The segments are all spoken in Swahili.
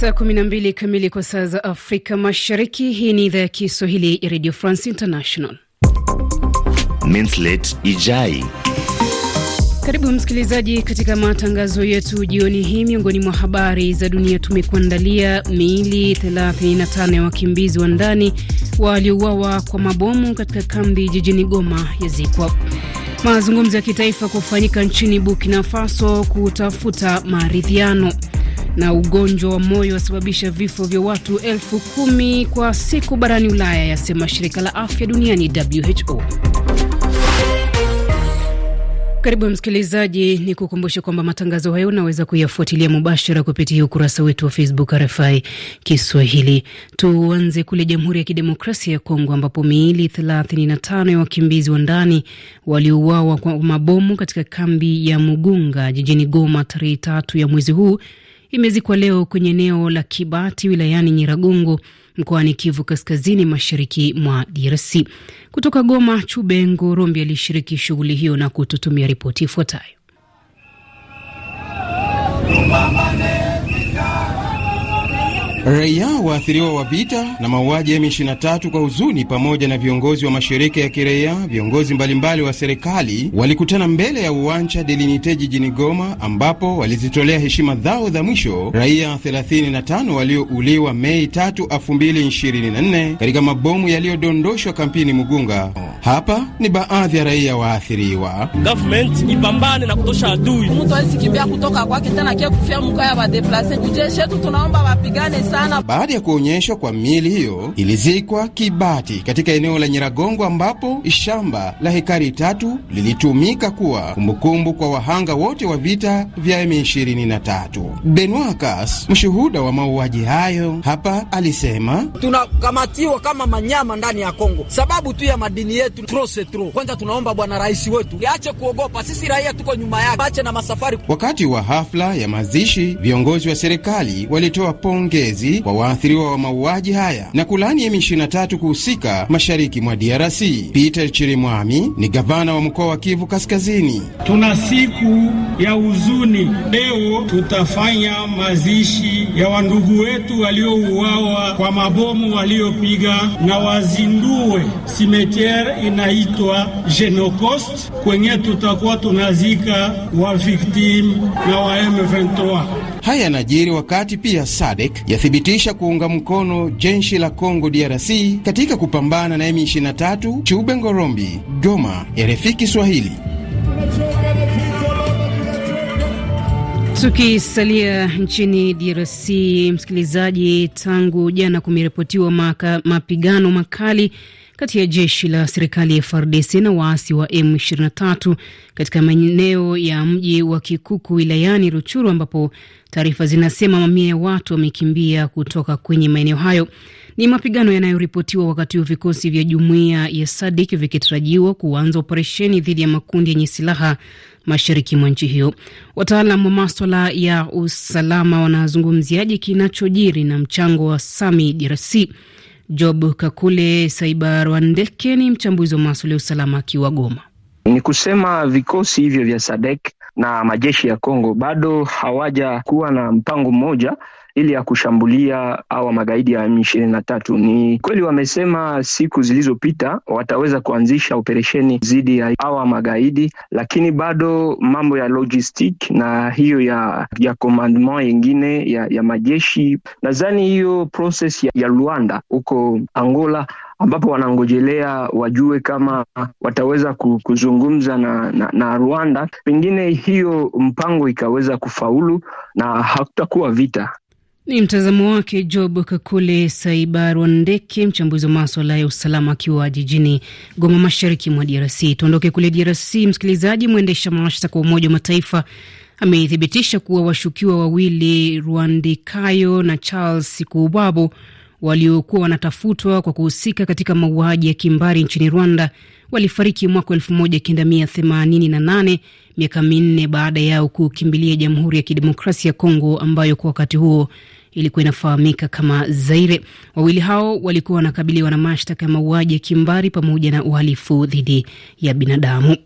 Saa 12 kamili kwa saa za Afrika Mashariki. Hii ni idhaa ya Kiswahili ya Radio France International. Minslet Ijai. Karibu msikilizaji, katika matangazo yetu jioni hii. Miongoni mwa habari za dunia tumekuandalia: miili 35 ya wakimbizi wa ndani waliouawa kwa mabomu katika kambi jijini Goma yazikwa. Mazungumzo ya kitaifa kufanyika nchini Burkina Faso kutafuta maridhiano. Na ugonjwa wa moyo wasababisha vifo vya watu elfu kumi kwa siku barani Ulaya, yasema shirika la afya duniani WHO. Karibu msikilizaji, ni kukumbushe kwamba matangazo hayo unaweza kuyafuatilia mubashara kupitia ukurasa wetu wa Facebook RFI Kiswahili. Tuanze kule Jamhuri ya Kidemokrasia ya Kongo ambapo miili 35 ya wakimbizi wa ndani waliouawa kwa mabomu katika kambi ya Mugunga jijini Goma tarehe tatu ya mwezi huu imezikwa leo kwenye eneo la Kibati wilayani Nyiragongo mkoani Kivu Kaskazini, mashariki mwa DRC. Kutoka Goma, Chube Ngorombi alishiriki shughuli hiyo na kututumia ripoti ifuatayo. Raia waathiriwa wa vita na mauaji ya M23 kwa huzuni, pamoja na viongozi wa mashirika ya kiraia, viongozi mbalimbali wa serikali walikutana mbele ya uwanja Delinite jijini Goma, ambapo walizitolea heshima zao za mwisho raia 35 waliouliwa Mei 3, 2024 katika mabomu yaliyodondoshwa kampini Mugunga. Hapa ni baadhi ya raia waathiriwa. Government ipambane na kutosha adui, mtu asikimbia kutoka kwake tena, kia kufia mkaya ya wadeplase Jeshi yetu tunaomba wapigane sa sana. Baada ya kuonyeshwa kwa miili hiyo, ilizikwa Kibati katika eneo la Nyiragongo, ambapo shamba la hekari tatu lilitumika kuwa kumbukumbu kwa wahanga wote wa vita vya M23. Benoit Kas, mshuhuda wa mauaji hayo, hapa alisema, tunakamatiwa kama manyama ndani ya Kongo sababu tu ya madini yetu trosetro. Kwanza tunaomba bwana rais wetu ache kuogopa, sisi raia tuko nyuma yake, ache na masafari. Wakati wa hafla ya mazishi, viongozi wa serikali walitoa pongezi ulinzi kwa waathiriwa wa mauaji haya na kulani M23 kuhusika mashariki mwa DRC. Peter Chirimwami ni gavana wa mkoa wa Kivu Kaskazini. Tuna siku ya huzuni leo, tutafanya mazishi ya wandugu wetu waliouawa kwa mabomu waliopiga, na wazindue simetiere inaitwa Genocost kwenye tutakuwa tunazika wa victim na wa M23. Haya yanajiri wakati pia SADC yathibitisha kuunga mkono jeshi la congo DRC katika kupambana na M23. Chube Ngorombi, Goma, RFI Kiswahili. Tukisalia nchini DRC, msikilizaji, tangu jana kumeripotiwa mapigano makali kati ya jeshi la serikali ya FARDC na waasi wa M23 katika maeneo ya mji wa Kikuku wilayani Ruchuru, ambapo taarifa zinasema mamia ya watu wamekimbia kutoka kwenye maeneo hayo. Ni mapigano yanayoripotiwa wakati huu vikosi vya jumuiya ya SADIK vikitarajiwa kuanza operesheni dhidi ya makundi yenye silaha mashariki mwa nchi hiyo. Wataalam wa maswala ya usalama wanazungumziaje kinachojiri na mchango wa Sami DRC? Job Kakule Saibarwandeke ni mchambuzi wa masuala ya usalama akiwa Goma. Ni kusema vikosi hivyo vya Sadek na majeshi ya Kongo bado hawajakuwa na mpango mmoja ili ya kushambulia awa magaidi ya M23. Ni kweli wamesema siku zilizopita wataweza kuanzisha operesheni dhidi ya awa magaidi, lakini bado mambo ya logistic na hiyo ya ya commandement yengine ya, ya majeshi, nadhani hiyo process ya, ya Luanda huko Angola ambapo wanangojelea wajue kama wataweza kuzungumza na, na, na Rwanda. Pengine hiyo mpango ikaweza kufaulu na hakutakuwa vita. Ni mtazamo wake Job Kakule Saibarwa Ndeke, mchambuzi wa maswala ya usalama akiwa jijini Goma, mashariki mwa DRC. Tuondoke kule DRC, msikilizaji. Mwendesha mashtaka wa Umoja wa Mataifa amethibitisha kuwa washukiwa wawili Rwandikayo na Charles Sikubabo waliokuwa wanatafutwa kwa kuhusika katika mauaji ya kimbari nchini Rwanda walifariki mwaka 1988 miaka minne baada yao kukimbilia Jamhuri ya Kidemokrasia ya Kongo ambayo kwa wakati huo ilikuwa inafahamika kama Zaire. Wawili hao walikuwa wanakabiliwa na mashtaka ya mauaji ya kimbari pamoja na uhalifu dhidi ya binadamu.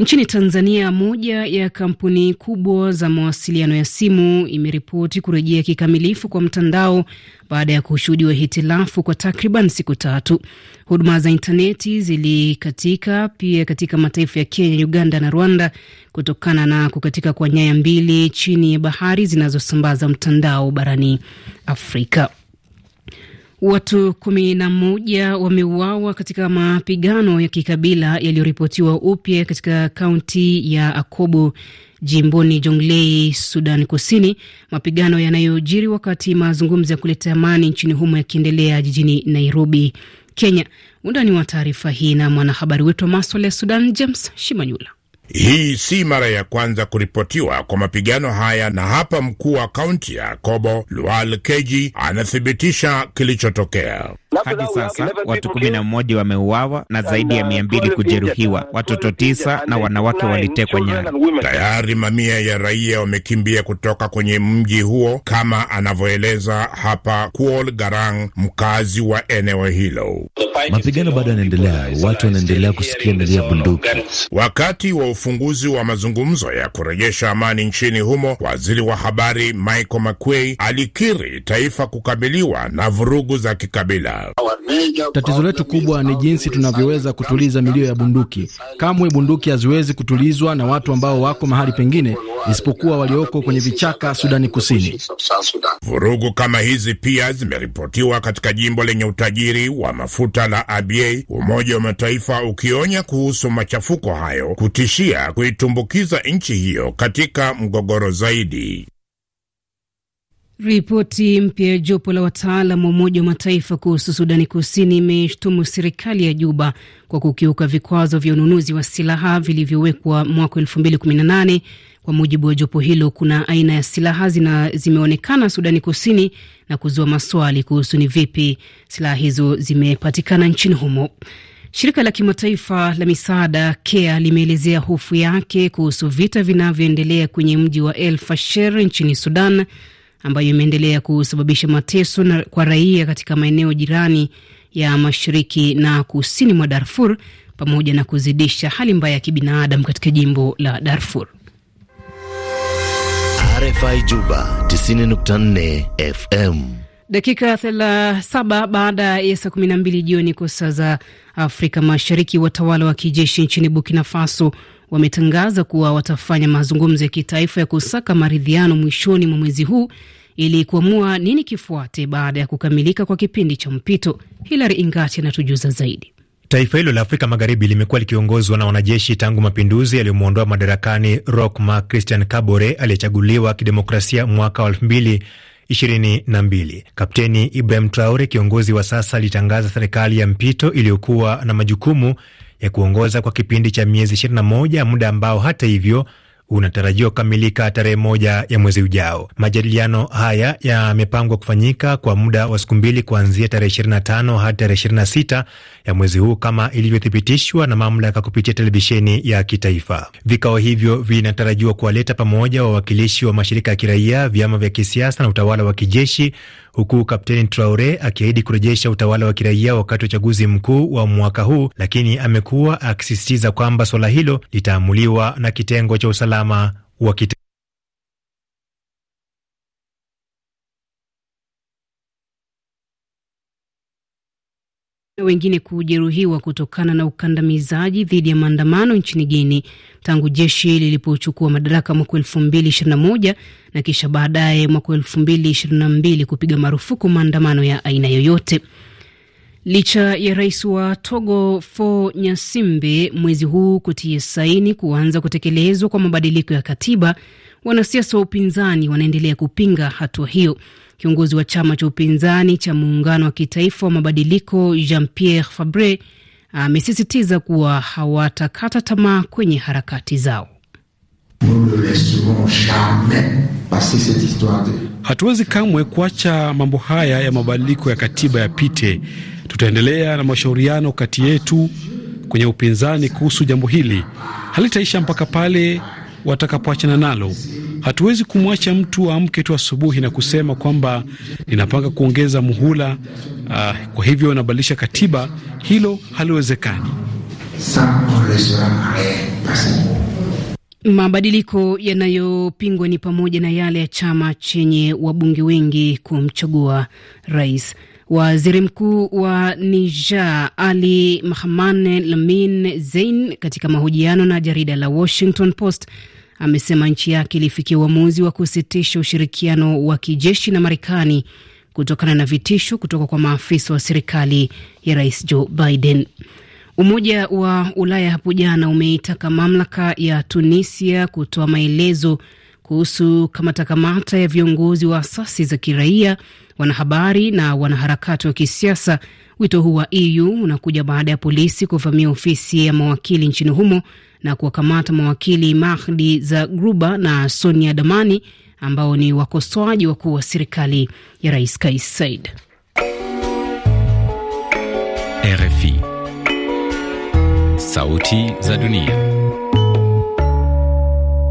Nchini Tanzania, moja ya kampuni kubwa za mawasiliano ya simu imeripoti kurejea kikamilifu kwa mtandao baada ya kushuhudiwa hitilafu kwa takriban siku tatu. Huduma za intaneti zilikatika pia katika mataifa ya Kenya, Uganda na Rwanda kutokana na kukatika kwa nyaya mbili chini ya bahari zinazosambaza mtandao barani Afrika. Watu kumi na moja wameuawa katika mapigano ya kikabila yaliyoripotiwa upya katika kaunti ya Akobo jimboni Jonglei, Sudan Kusini, mapigano yanayojiri wakati mazungumzo ya kuleta amani nchini humo yakiendelea jijini Nairobi, Kenya. Undani wa taarifa hii na mwanahabari wetu wa maswala ya Sudan, James Shimanyula. Hii si mara ya kwanza kuripotiwa kwa mapigano haya, na hapa mkuu wa kaunti ya Kobo Lual Keji anathibitisha kilichotokea. Hadi sasa watu kumi na mmoja wameuawa na zaidi ya uh, mia mbili kujeruhiwa. Watoto tisa na wanawake walitekwa nyara. Tayari mamia ya raia wamekimbia kutoka kwenye mji huo, kama anavyoeleza hapa Kuol Garang, mkazi wa eneo hilo. Mapigano bado yanaendelea, watu wanaendelea kusikia milio ya bunduki wakati wa ufunguzi wa mazungumzo ya kurejesha amani nchini humo, waziri wa habari Michael Makwei alikiri taifa kukabiliwa na vurugu za kikabila. Tatizo letu kubwa ni jinsi tunavyoweza kutuliza milio ya bunduki. Kamwe bunduki haziwezi kutulizwa na watu ambao wako mahali pengine isipokuwa walioko kwenye vichaka Sudani Kusini. Vurugu kama hizi pia zimeripotiwa katika jimbo lenye utajiri wa mafuta la aba Umoja wa Mataifa ukionya kuhusu machafuko hayo kutishia pia kuitumbukiza nchi hiyo katika mgogoro zaidi. Ripoti mpya ya jopo la wataalam wa Umoja wa Mataifa kuhusu Sudani Kusini imeshtumu serikali ya Juba kwa kukiuka vikwazo vya ununuzi wa silaha vilivyowekwa mwaka nane. Kwa mujibu wa jopo hilo, kuna aina ya silaha zina zimeonekana Sudani Kusini na kuzua maswali kuhusu ni vipi silaha hizo zimepatikana nchini humo. Shirika la kimataifa la misaada CARE limeelezea hofu yake kuhusu vita vinavyoendelea kwenye mji wa El Fasher nchini Sudan, ambayo imeendelea kusababisha mateso na kwa raia katika maeneo jirani ya mashariki na kusini mwa Darfur, pamoja na kuzidisha hali mbaya ya kibinadamu katika jimbo la Darfur. RFI Juba 90.4 FM. Dakika saba baada ya saa kumi na mbili jioni kwa saa za Afrika Mashariki, watawala wa kijeshi nchini Burkina Faso wametangaza kuwa watafanya mazungumzo ya kitaifa ya kusaka maridhiano mwishoni mwa mwezi huu ili kuamua nini kifuate baada ya kukamilika kwa kipindi cha mpito. Hilary Ingati anatujuza zaidi. Taifa hilo la Afrika Magharibi limekuwa likiongozwa na wanajeshi tangu mapinduzi yaliyomwondoa madarakani Roch Marc Christian Kabore aliyechaguliwa kidemokrasia mwaka wa elfu mbili 22. Kapteni Ibrahim Traore, kiongozi wa sasa, alitangaza serikali ya mpito iliyokuwa na majukumu ya kuongoza kwa kipindi cha miezi 21, muda ambao hata hivyo unatarajiwa kukamilika tarehe moja ya mwezi ujao. Majadiliano haya yamepangwa kufanyika kwa muda wa siku mbili kuanzia tarehe tano hadi tarehe sita ya mwezi huu kama ilivyothibitishwa na mamlaka kupitia televisheni ya kitaifa. Vikao hivyo vinatarajiwa kuwaleta pamoja wawakilishi wa mashirika ya kiraia, vyama vya kisiasa na utawala wa kijeshi huku Kapteni Traore akiahidi kurejesha utawala wa kiraia wakati wa uchaguzi mkuu wa mwaka huu, lakini amekuwa akisisitiza kwamba suala hilo litaamuliwa na kitengo cha usalama wa kita. wengine kujeruhiwa kutokana na ukandamizaji dhidi ya maandamano nchini Guini tangu jeshi lilipochukua madaraka mwaka elfu mbili ishirini na moja na kisha baadaye mwaka elfu mbili ishirini na mbili kupiga marufuku maandamano ya aina yoyote. Licha ya rais wa Togo fo Nyasimbe mwezi huu kutia saini kuanza kutekelezwa kwa mabadiliko ya katiba Wanasiasa wa upinzani wanaendelea kupinga hatua hiyo. Kiongozi wa chama cha upinzani cha muungano wa kitaifa wa mabadiliko Jean Pierre Fabre amesisitiza kuwa hawatakata tamaa kwenye harakati zao. Hatuwezi kamwe kuacha mambo haya ya mabadiliko ya katiba yapite. Tutaendelea na mashauriano kati yetu kwenye upinzani kuhusu jambo hili, halitaisha mpaka pale watakapoachana nalo. Hatuwezi kumwacha mtu aamke tu asubuhi na kusema kwamba ninapanga kuongeza muhula uh, kwa hivyo nabadilisha katiba. Hilo haliwezekani. Mabadiliko yanayopingwa ni pamoja na yale ya chama chenye wabunge wengi kumchagua rais. Waziri Mkuu wa Niger Ali Mahamane Lamin Zein, katika mahojiano na jarida la Washington Post, amesema nchi yake ilifikia uamuzi wa kusitisha ushirikiano wa kijeshi na Marekani kutokana na vitisho kutoka kwa maafisa wa serikali ya Rais Joe Biden. Umoja wa Ulaya hapo jana umeitaka mamlaka ya Tunisia kutoa maelezo kuhusu kamatakamata ya viongozi wa asasi za kiraia, wanahabari na wanaharakati wa kisiasa. Wito huu wa EU unakuja baada ya polisi kuvamia ofisi ya mawakili nchini humo na kuwakamata mawakili Mahdi za Gruba na Sonia Damani ambao ni wakosoaji wakuu wa serikali ya Rais Kais Said. RFI, Sauti za Dunia.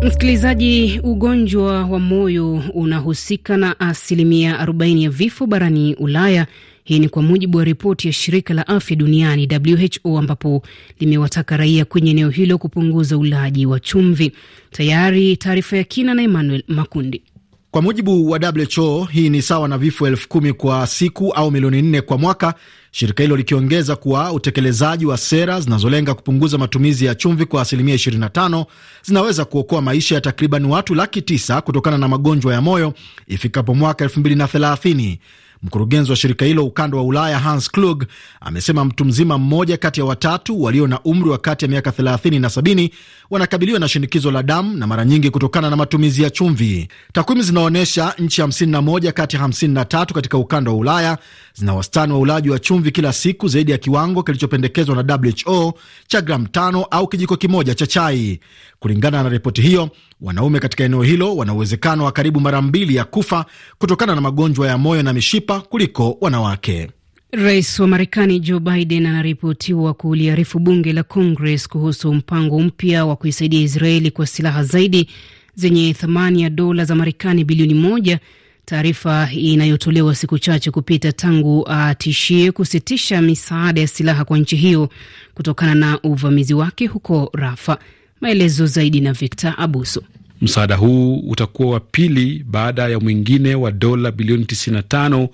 Msikilizaji, ugonjwa wa moyo unahusika na asilimia 40 ya vifo barani Ulaya. Hii ni kwa mujibu wa ripoti ya shirika la afya duniani WHO, ambapo limewataka raia kwenye eneo hilo kupunguza ulaji wa chumvi. Tayari taarifa ya kina na Emmanuel Makundi. Kwa mujibu wa WHO, hii ni sawa na vifo elfu kumi kwa siku au milioni nne kwa mwaka, shirika hilo likiongeza kuwa utekelezaji wa sera zinazolenga kupunguza matumizi ya chumvi kwa asilimia 25 zinaweza kuokoa maisha ya takriban watu laki tisa kutokana na magonjwa ya moyo ifikapo mwaka 2030. Mkurugenzi wa shirika hilo ukanda wa Ulaya Hans Klug amesema mtu mzima mmoja kati ya watatu walio na umri wa kati ya miaka 30 na 70 wanakabiliwa na shinikizo la damu na mara nyingi kutokana na matumizi ya chumvi. Takwimu zinaonyesha nchi 51 kati ya 53 katika ukanda wa Ulaya zina wastani wa ulaji wa chumvi kila siku zaidi ya kiwango kilichopendekezwa na WHO cha gramu tano au kijiko kimoja cha chai. Kulingana na ripoti hiyo, wanaume katika eneo hilo wana uwezekano wa karibu mara mbili ya kufa kutokana na magonjwa ya moyo na mishipa kuliko wanawake. Rais wa Marekani Joe Biden anaripotiwa kuliarifu bunge la Congress kuhusu mpango mpya wa kuisaidia Israeli kwa silaha zaidi zenye thamani ya dola za Marekani bilioni moja Taarifa inayotolewa siku chache kupita tangu atishie uh, kusitisha misaada ya silaha kwa nchi hiyo kutokana na uvamizi wake huko Rafa. Maelezo zaidi na Victor Abuso. Msaada huu utakuwa wa pili baada ya mwingine wa dola bilioni 95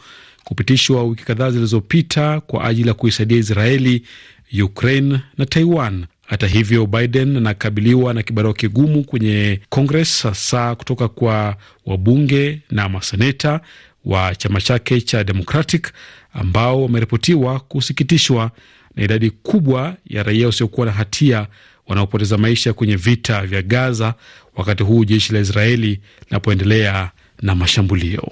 kupitishwa wiki kadhaa zilizopita kwa ajili ya kuisaidia Israeli, Ukraine na Taiwan. Hata hivyo, Biden anakabiliwa na kibarua kigumu kwenye Congress, hasa kutoka kwa wabunge na maseneta wa chama chake cha Democratic ambao wameripotiwa kusikitishwa na idadi kubwa ya raia wasiokuwa na hatia wanaopoteza maisha kwenye vita vya Gaza, wakati huu jeshi la Israeli linapoendelea na mashambulio.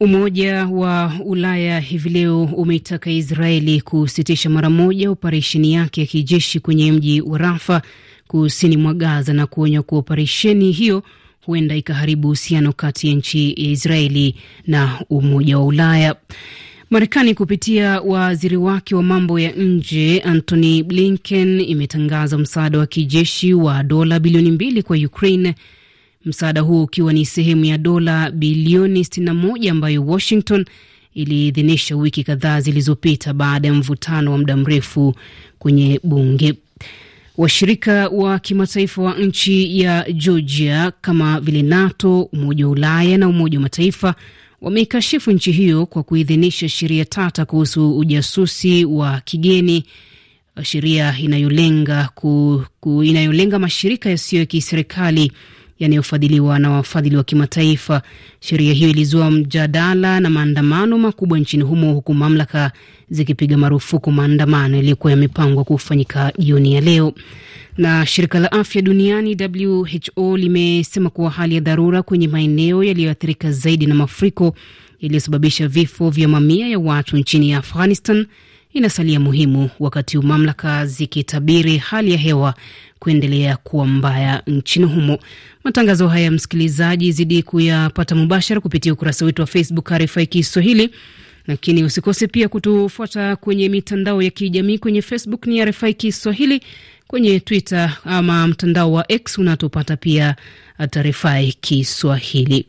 Umoja wa Ulaya hivi leo umeitaka Israeli kusitisha mara moja operesheni yake ya kijeshi kwenye mji wa Rafa kusini mwa Gaza na kuonya kuwa operesheni hiyo huenda ikaharibu uhusiano kati ya nchi ya Israeli na Umoja wa Ulaya. Marekani kupitia waziri wake wa mambo ya nje Antony Blinken imetangaza msaada wa kijeshi wa dola bilioni mbili kwa Ukraine msaada huo ukiwa ni sehemu ya dola bilioni 61 ambayo Washington iliidhinisha wiki kadhaa zilizopita baada ya mvutano wa muda mrefu kwenye bunge. Washirika wa kimataifa wa nchi ya Georgia kama vile NATO, Umoja wa Ulaya na Umoja wa Mataifa wameikashifu nchi hiyo kwa kuidhinisha sheria tata kuhusu ujasusi wa kigeni, sheria inayolenga, ku, ku, inayolenga mashirika yasiyo ya kiserikali yanayofadhiliwa na wafadhili wa kimataifa. Sheria hiyo ilizua mjadala na maandamano makubwa nchini humo, huku mamlaka zikipiga marufuku maandamano yaliyokuwa yamepangwa kufanyika jioni ya leo. Na shirika la afya duniani WHO limesema kuwa hali ya dharura kwenye maeneo yaliyoathirika zaidi na mafuriko yaliyosababisha vifo vya mamia ya watu nchini Afghanistan inasalia muhimu, wakati mamlaka zikitabiri hali ya hewa kuendelea kuwa mbaya nchini humo. Matangazo haya msikilizaji, zidi kuyapata mubashara kupitia ukurasa wetu wa Facebook RFI Kiswahili, lakini usikose pia kutufuata kwenye mitandao ya kijamii. Kwenye Facebook ni RFI Kiswahili, kwenye Twitter ama mtandao wa X unatopata pia at RFI Kiswahili.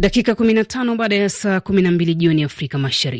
Dakika 15 baada ya saa 12 jioni Afrika Mashariki.